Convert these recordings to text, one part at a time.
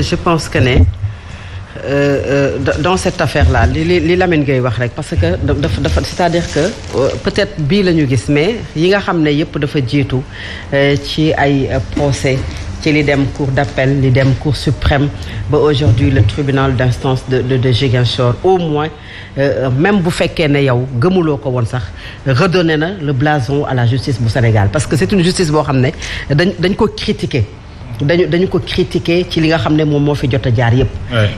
je pense que euh, euh, dans cette affaire là li li Lamine ngay wax rek parce que dafa c'est-à-dire que euh, peut-être que nous ñu gis mais yi nga xamné yépp dafa jiitu ci ay procès ci li dem cour d'appel li dem cour suprême ba aujourd'hui le tribunal d'instance de de de au moins même bu vous né yow gëmuloo ko woon sax na le blason à la justice du Sénégal parce que c'est une justice qui xamné critiquée. dañ ko critiquer dañu dañu ko critiquer ci li nga xam ne moom moo fi jot a jaar yépp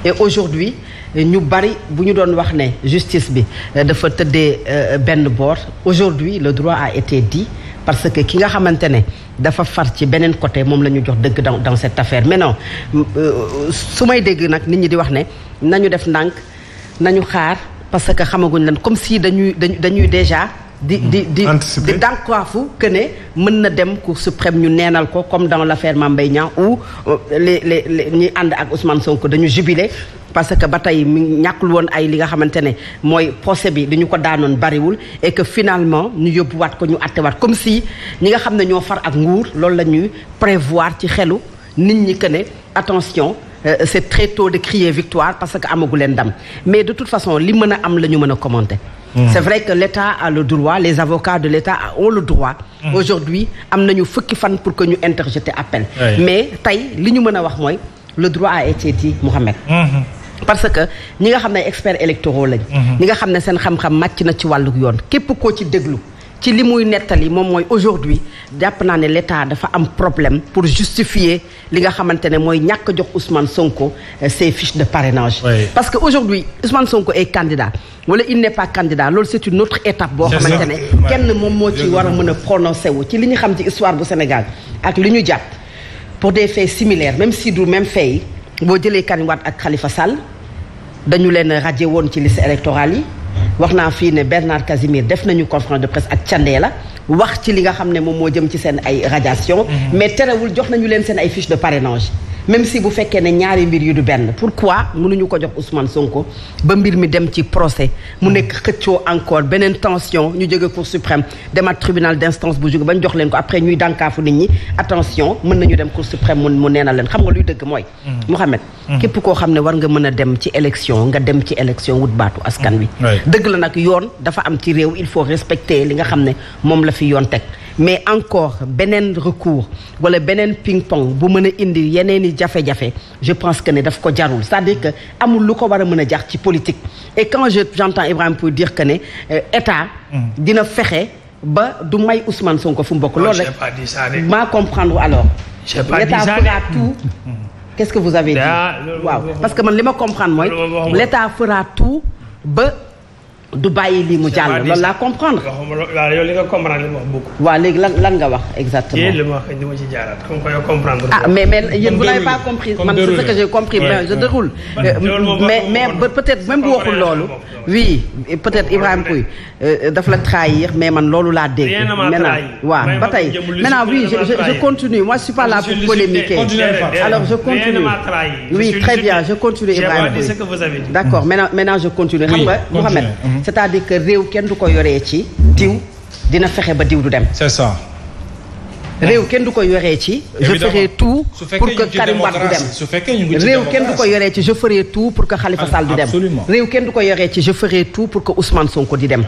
et aujourd'hui ñu bari bu ñu doon wax ne justice bi euh, dafa tëddee euh, benn boor aujourd'hui le droit a été dit parce que ki nga xamante ne dafa far ci beneen côté moom la ñu jox dëgg dans dans cette affaire mais non euh, sumay may dégg nag nit ñi di wax ne nañu def ndànk nañu xaar parce que xamaguñ lan comme si dañuy dañuy déjà di di di di dànkuwaafu que ne mën dem cour suprême ñu neenal ko comme dans l'affaire affaire Mame Mbaye euh, les les ñi ànd ak Ousmane Sonko dañu jubilé parce que ba tey mi ñàkkul woon ay li nga xamante ne mooy procès bi dañu ko daanoon bariwul et que finalement ñu yóbbuwaat ko ñu attewaat comme si ñi nga xam ne ñoo far ak nguur loolu la ñuy prévoir ci xelu nit ñi que ne attention euh, c'est très tôt de crier victoire parce que amogulendam mais de toute façon li mën am hmm. c'est vrai que l'État a le droit les avocats de l'État ont le droit. Hmm. aujourd'hui am faire fukki fan pour que nous interjeter appel. mais taï li ñu le droit a été dit Mohamed. Hmm. parce que nous nga des experts électoraux nous ñi nga a qui seen xam-xam màcc na ci ci li muy nettali moom mooy aujourd'hui jàpp naa ne l'état dafa am problème pour justifier li nga xamante ne mooy ñàkk jox Ousmane Sonko euh, ses fiches de parrainage. parce que aujourd'hui Ousmane Sonko est candidat wala il n'est pas candidat loolu c'est une autre étape. boo xamante ne kenn moom moo ci war a mën a prononcé wu ci li ñu xam ci histoire bu Sénégal ak li ñu jàpp pour des faits similaires même si du même fait yi boo jëlee Karim Wade ak Khalifa Sall dañu leen radié woon ci liste électorale yi. wax naa fii ne Bernard Casimir def nañu conférence de presse ak la wax ci li nga xam ne moom moo jëm ci seen ay radiation mm-hmm. mais terewul jox nañu leen seen ay fiche de parrainage même si vous faites ne ñaari mbir yu du ben pourquoi ko jox Ousmane Sonko ba mbir mi dem ci procès mu nek xëccio encore intention tension ñu cour suprême tribunal d'instance bu jox leen après ñuy nit ñi attention mën nañu dem cour suprême mu mu neena leen xam nga luy dëgg moy mm. Mohammed. Mm. war nga mëna dem ci élection nga dem ci élection wut batu askan wi mm. dëgg la nak yoon dafa am ci réew il faut respecter li nga xamné mom la fi mais encore benen recours wala benen ping pong bu mën a indi yeneeni jafé jafé je pense que ne daf ko jarul c'est-à-dire que amul luko wara meuna jax ci politique et quand je j'entends Ibrahim pour dire que né euh, état mm. dina fexé ba du may Ousmane Sonko fu pas bokk ça. rek maa comprendre alors l'état fera tout mm. qu'est-ce que vous avez ah, dit waaw parce que man lima comprendre mooy l'état fera tout ba du bàyyi lii mu jàll loolu laa comprendre. waaw yow li nga comprendre li ma wax beaucoup. waaw léegi lan lan nga wax exactement. yéen li ma wax ni ma ci jaaraat comme que yow comprendre. ah mais mais yéen vous n'avez pas compris man c'est ce que j'ai compris ben, euh, mais je déroule. mais mais peut-être même bu waxul loolu. oui peut-être Ibrahim Pouy euh, daf la trahir mais man loolu laa dégg. maintenant waaw ba tey maintenant oui je je continue moi je suis pas là pour polémiquer. alors je continue. oui très bien je continue Ibrahim Pouy. d'accord maintenant maintenant je continue. xam nga Mohamed. Mhm. c'est-à-dire que réew kenn du ko yoree ci diw dina fexé ba diw du dem. c'est ça. réew kenn du ko yoree ci. je ferai tout pour que Karim Wade du dem réew kenn du ko ci je ferai tout pour que Khalifa Sall du dem. réew kenn du ko yoree ci je ferai tout pour que Ousmane Sonko di dem.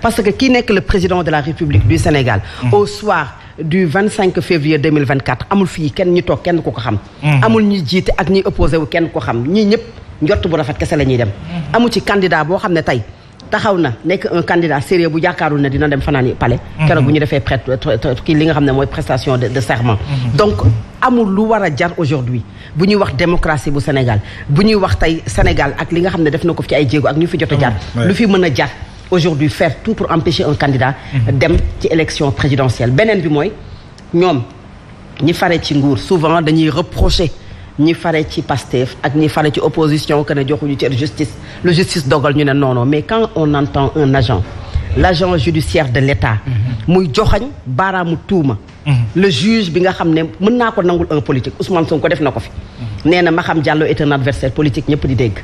parce que qui n'est que le président de la République du Sénégal. Mm. au soir du 25 février 2024 amul fi kenn ñu tok kenn ku ko xam. Mm. amul ñi jité ak ñi opposé wu kenn ko xam ñi ñep njort bu rafet kese la ñuy dem. Mm. amu ci candidat boo xam ne taxaw na nekk un candidat sérieux bu jàkkaarul ne dina dem fanaani palais mhm. keroog bu ñu defee prête kii li nga xam ne mooy prestation de serment mhm. donc amul lu war a jar aujourd'hui bu ñuy wax démocratie bu Sénégal bu ñuy wax tey Sénégal ak li nga xam ne def na ko fi ci ay jéego ak ñu fi jot a jar mhm. lu fi mën a jar aujourd'hui faire tout pour empêcher un candidat dem ci élection présidentielle beneen bi mooy ñoom ñi fare ci nguur souvent dañuy reprocher ni faré ci Pastef ak ñi faré ci opposition que ne joxuñu ci justice le justice dogal ñu non non mais quand on entend un agent l'agent judiciaire de l'État mhm. muy joxañ baramu tuuma mhm. le juge bi nga xamné ne mën ko nangul un politique Ousmane Sonko def n'ako fi mhm. néna na xam Diallo est un adversaire politique ñep di dégg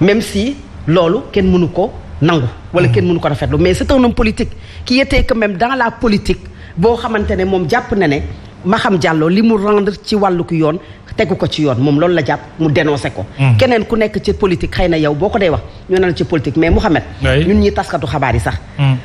même si lolu ken mënu ko nangu wala kenn mënu ko rafetlu mais c'est un homme politique qui était quand même dans la politique bo xamante mom japp na ne ma xam jàlloo li mu rendre ci wàllu yoon tegu ko ci yoon moom loolu la jàpp mu dénoncé ko mhm. keneen ku nekk ci politique xëy na yow boo ko dee wax ñu naan ci politique mais Mouhamed ñun ñi taskatu xabaar yi sax mhm.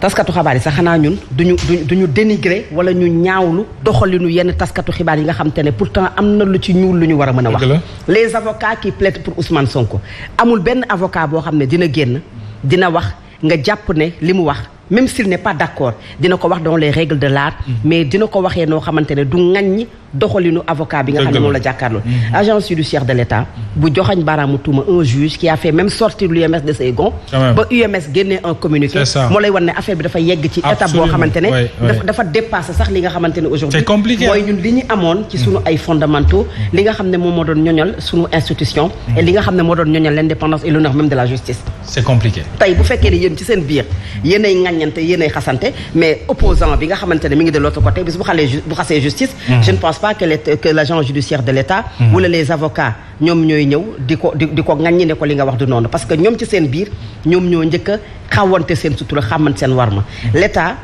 taskatu xabaar yi sax xanaa ñun du duñu duñu duñu dénigré wala ñu ñaawlu doxalinu yenn taskatu xibaar yi nga xam te ne pourtant am na lu ci ñuul lu ñu war a mën a wax les avocats qui plaident pour Ousmane Sonko amul benn avocat boo xam ne dina génn dina wax nga jàpp ne li mu wax même s'il n'est pas d'accord dina ko wax dans les règles de l'art mhm. mais dina ko waxee noo xamante du ngagn doxalinu avocat bi nga xam ne la jàkkaarloo mhm. agence judiciaire de l'État bu joxañ baramu tuma un juge qui a fait même sortir l'UMS de ses gonds ba UMS génnee un communiqué moo lay wan affaire bi dafa yegg ci état bo xamantene ne dafa dépasser sax li nga xamante ne aujourd'hui mooy hein. ñun li ñu amoon ci mm. sunu ay fondamentaux mm. li nga xamne ne moom doon ñoñal sunu institution mm. et li nga xamne mo moo doon ñoñal l'indépendance et l'honneur même de la justice c'est compliqué tay bu fekkee ne ci sen biir yéenay ŋañ ŋaññante yéenay xasante mais opposant bi nga xamante mi ngi de l'autre côté bis bu xalé bu justice mm-hmm. je ne pense pas que les que l'agent judiciaire de l'État mm-hmm. wala les avocats ñom ñoy ñëw diko diko di ko ne ko li nga wax du non parce que ñom ci sen biir ñom ñoo njëkk a xawante seen sutura xamante seen war mm-hmm. l'État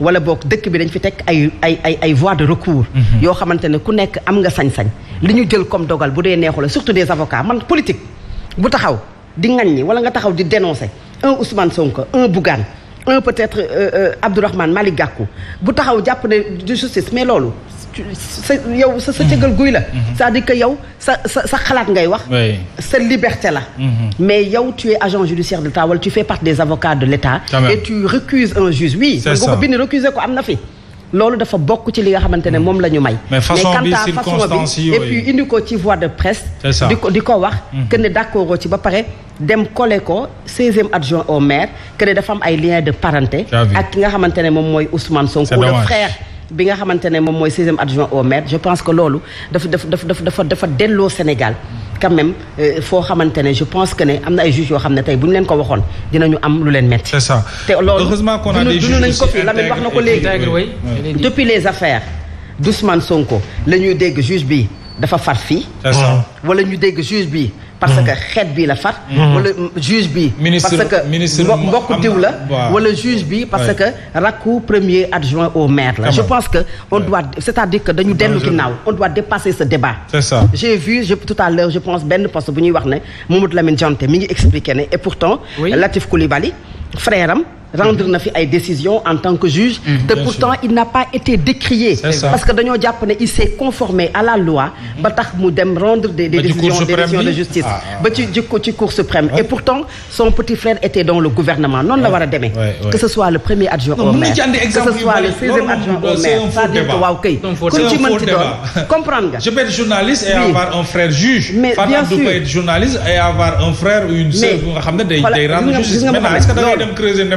wala bok dëkk bi dañ fi tek ay ay ay ay de recours yo xamante ku nekk am nga sañ-sañ li ñu jël comme dogal bu dee neexu la surtout des avocats man politique bu taxaw di ŋaññi wala nga taxaw di dénoncer un Ousmane Sonko un Bougane un peut-être euh, euh, Abdourahmane Malik Gakou bu taxaw japp ne de justice mais lolu ce yow sa sa cëgal la mhm. c'est-à-dire que yow sa sa xalat ngay wax sa liberté la mhm. mais yow tu es agent judiciaire de l'État tu fais partie des avocats de l'État et tu recuses un juge oui ça ko bind recuser ko am loolu dafa bokk ci li nga xamante ne hmm. moom la ñu may. mais façon bi circonstance yooyu et puis indi ko ci voie de presse. di ko di ko wax. Hmm. que ne d'accord ci ba pare dem collé ko 16e adjoint au maire que ne dafa am ay liens de parenté. ak ki nga xamante ne moom mooy Ousmane Sonko le frère. bi nga xamante ne moom mooy sixième adjoint au maire je pense que loolu dafa dafa dafa dafa dafa delloo Sénégal quand même euh, foo xamante ne je pense que ne am na ay juges yoo xam ne tey bu ñu leen ko waxoon dinañu am lu leen metti c'est ça te loolu heureusement qu'on a des juges nañ ko fi wax na ko léegi depuis les affaires d'Ousmane Sonko la ñuy dégg juge bi dafa far fii wala ñu dégg juge bi parce que mm. xet bi la fat mm. mm. wala juge bi parce que mbokku diw la wala juge bi parce que rakou premier adjoint au maire la je pense que on doit c'est-à-dire que dañu dellu ginnaw on doit dépasser ce débat c'est ça j'ai vu tout à l'heure je pense ben poste bu ñuy wax ne Mamadou Lamine Diante mi ngi expliqué et pourtant Latif Koulibaly frère rendre na fi ay décisions en tant que juge. Mm-hmm. te pourtant il n'a pas été décrié. parce que dañoo japp ne il s'est conformé à la loi. Mm-hmm. ba tax mu dem rendre des décisions de justice. Ah, ah, ba ci jikko ci cour suprême. et pourtant son petit frère était dans le gouvernement la que ce soit le premier adjoint au maire que ce soit le sixième adjoint au maire cest dit dire que waaw kay. kuñ ci je peux être journaliste et avoir un frère juge. mais bien sûr peux être journaliste et avoir un frère ou une sœur bu nga xam ne day day rendre justice est-ce que da ngay dem creuser ne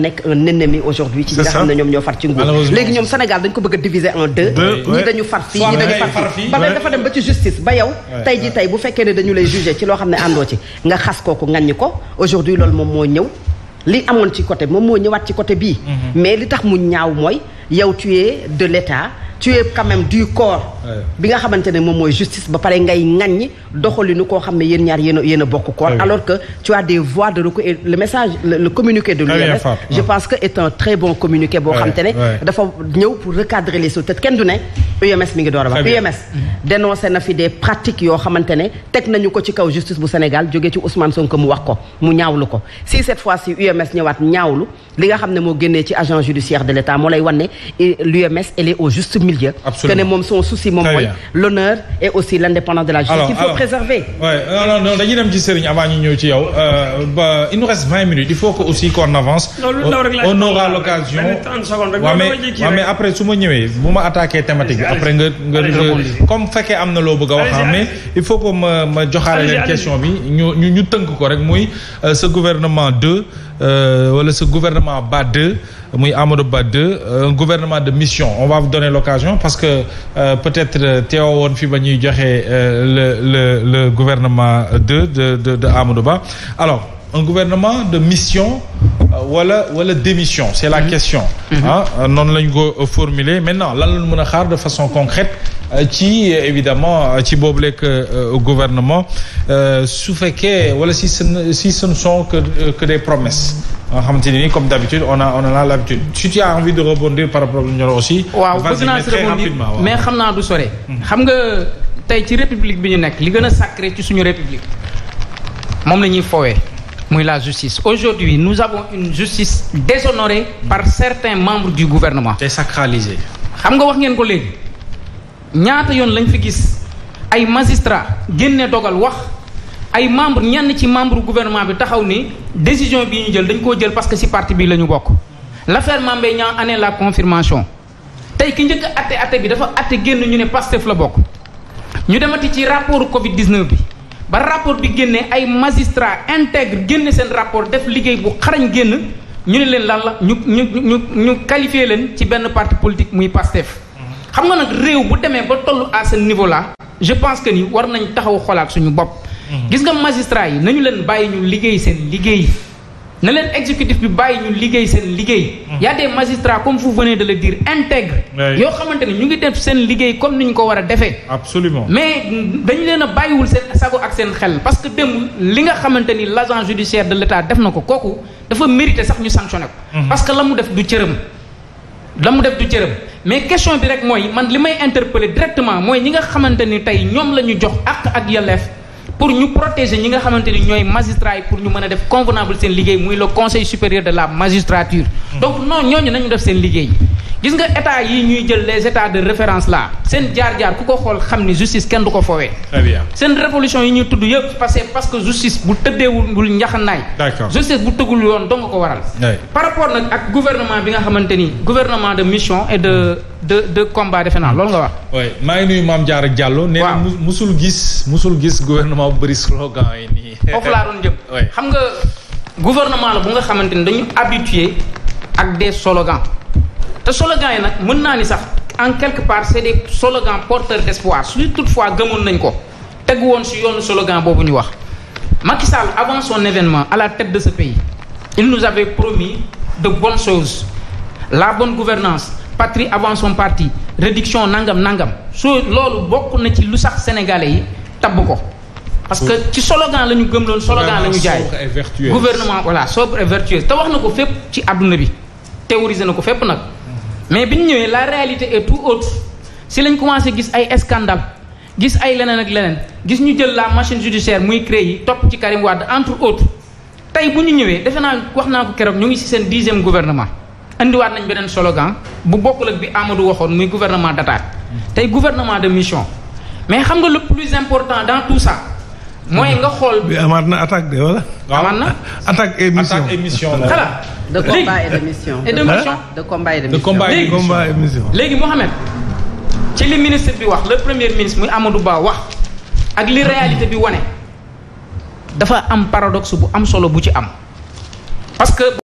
nga un ennemi aujourd'hui ci ñi nga xam ne ñoo far ci nguur léegi ñom Sénégal dañ ko bëgg diviser en deux ñi dañu far fii ñi dañu far fii ba dafa dem ba ci justice ba yow tay ji tay bu fekkee ne dañu lay juger ci loo xam ne àndoo ci nga xas kooku ngañ ko aujourd'hui lool moom moo ñëw li amoon ci côté moom moo ñëwaat ci côté bii mm-hmm. mais li tax mu ñaaw mooy yow tu es de l'État tu es quand même du corps bi nga xamante ne moom mooy justice ba pare ngay ŋaññi doxalinu koo xam ne yéen ñaar yéen a yéen a bokk koor ah alors que tu as des voix de recours et le message le, le communiqué de ah l'UMS je pense que est un très bon communiqué boo xamante ne dafa ñëw pour recadrer les choses te kenn du ne UMS mi ngi door a wax UMS dénoncé na fi des pratiques yoo xamante ne teg nañu ko ci kaw justice bu Sénégal jógee ci Ousmane Sonko mu wax ko mu ñaawlu ko si cette fois ci UMS ñëwaat ñaawlu li nga xam ne moo génnee ci agent judiciaire de l'État moo lay wan ne eh, l'UMS elle est au juste milieu que ne moom son souci l'honneur et aussi l'indépendance de la justice qu'il faut préserver non non avant ñu euh, il nous reste 20 minutes il faut que aussi qu'on avance on aura l'occasion mais mais après su ma ñëwee bu attaqué thématique après comme fekkee am na bëgg mais il faut que ma ma joxaale une question nous ñu ñu ñu euh, ce gouvernement 2 euh, wala ce gouvernement bas 2 Amadou 2 un gouvernement de mission on va vous donner l'occasion parce que peut-être être euh, euh, le gouvernement de de de, alors un gouvernement de mission ou euh, où démission c'est la mm-hmm. question mm-hmm. hein. non formuler maintenant lan nous de façon concrète qui évidemment qui est le gouvernement souffre que wala si ce si ce ne sont que que des promesses comme d'habitude on a on a l'habitude si tu as envie de rebondir par rapport problème aussi. waaw bëgg naa si rebondir mais xam naa du sore. xam nga tey ci république bi ñu nekk li gën a sacré ci suñu république moom la ñuy muy la justice aujourd'hui nous avons une justice déshonorée par certains membres du gouvernement. c'est sacralisé. xam nga wax ngeen ko léegi ñaata yoon lañ fi gis ay magistrats génne dogal wax ay membre ñenn ci membre gouvernement bi taxaw ni décision bi ñu jël dañ koo jël parce que ci parti bi lañu bokk l'affaire Mame année la confirmation tey ki njëkk atte atte bi dafa atte génn ñu ne Pastef la bokk ñu demati ci rapport Covid 19 bi ba rapport bi génnee ay magistrat intègre génne seen rapport def liggéey bu xarañ génn ñu ne leen lan la ñu ñu ñu ñu qualifié leen ci benn parti politique muy Pastef xam nga nag réew bu demee ba toll à ce niveau là je pense que ni war nañ taxaw xolaat suñu bopp. Mm-hmm. gis nga magistrat yi nañu leen bàyyi ñu liggéey seen liggéey na leen exécutif bi bàyyi ñu liggéey seen liggéey mm-hmm. y a des magistrats comme vous venez de le dire intègre yoo xamante ne ñu ngi def seen liggéey comme ni ñu ko war a defee absolument mais dañu leen a bàyyiwul seen sago ak seen xel parce que dem li nga xamante ni l' agent judiciaire de l' état def na ko kooku dafa mérité sax ñu sanctionné ko mm-hmm. parce que la mu def du cëram la mu def du cëram mais question bi rek mooy man li may interpeller directement mooy ñi nga xamante ni tey ñoom la ñu jox àq ak yelleef pour ñu protéger ñi nga xamante ni ñooy magistrats yi pour ñu mën a def convenable seen liggéey muy le conseil supérieur de la magistrature hmm. donc non ñooñu nañu def seen liggéey gis nga état yi ñuy jël les états de référence là seen jaar-jaar ku ko xool xam ni justice kenn du ko foowee. seen révolution yi ñuy tudd yëpp parce que parce que justice bu tëddeewul njaxanaay. d'accord justice bu tëggul yoon nga ko waral. par rapport nag ak gouvernement bi nga xamante ni gouvernement de mission et de de de combat defe naa loolu nga wax. oui maa ngi nuyu Mame Diarra Diallo. nee na musul gis musul gis gouvernement bu bëri slogan yi nii. foofu laa doon jëm. xam nga gouvernement la bu nga xamante ni dañu habitué ak des slogans te slogan yi nag mën naa ni sax en quelque part c'est des slogans porteurs d'espoir su toutefois gëmoon nañ ko tegu woon si yoonu slogan boobu ñu wax Macky Sall avant son événement à la tête de ce pays il nous avait promis de bonnes choses la bonne gouvernance patrie avant son parti réduction nangam nangam su loolu bokk na ci lu sax sénégalais yi tabb ko parce que ci slogan la ñu gëm loon slogan la ñu jaay gouvernement voilà sobre et vertueux te wax na ko fépp ci àdduna bi théoriser na ko fépp nag mais bi ñëwee la réalité est tout autre si lañ commencé gis ay scandale gis ay leneen ak leneen gis ñu jël la machine judiciaire muy créé yi topp ci Karim Wade entre autres tey bu ñu ñëwee defe naa wax naa ko keroog ñu ngi si seen dixième gouvernement indiwaat nañ beneen slogan bu bokkul ak bi Amadou waxoon muy gouvernement d'attaque tey gouvernement de mission mais xam nga le plus important dans tout ça mooy nga xool. bi amaat na attaque de wala. amaat na attaque émission attaque émission la. de combat et de mission. et de mission de combat et léegi Mohamed ci li ministre bi wax le premier ministre muy Amadou Ba wax ak li réalité bi wane dafa am paradoxe bu am solo bu ci am parce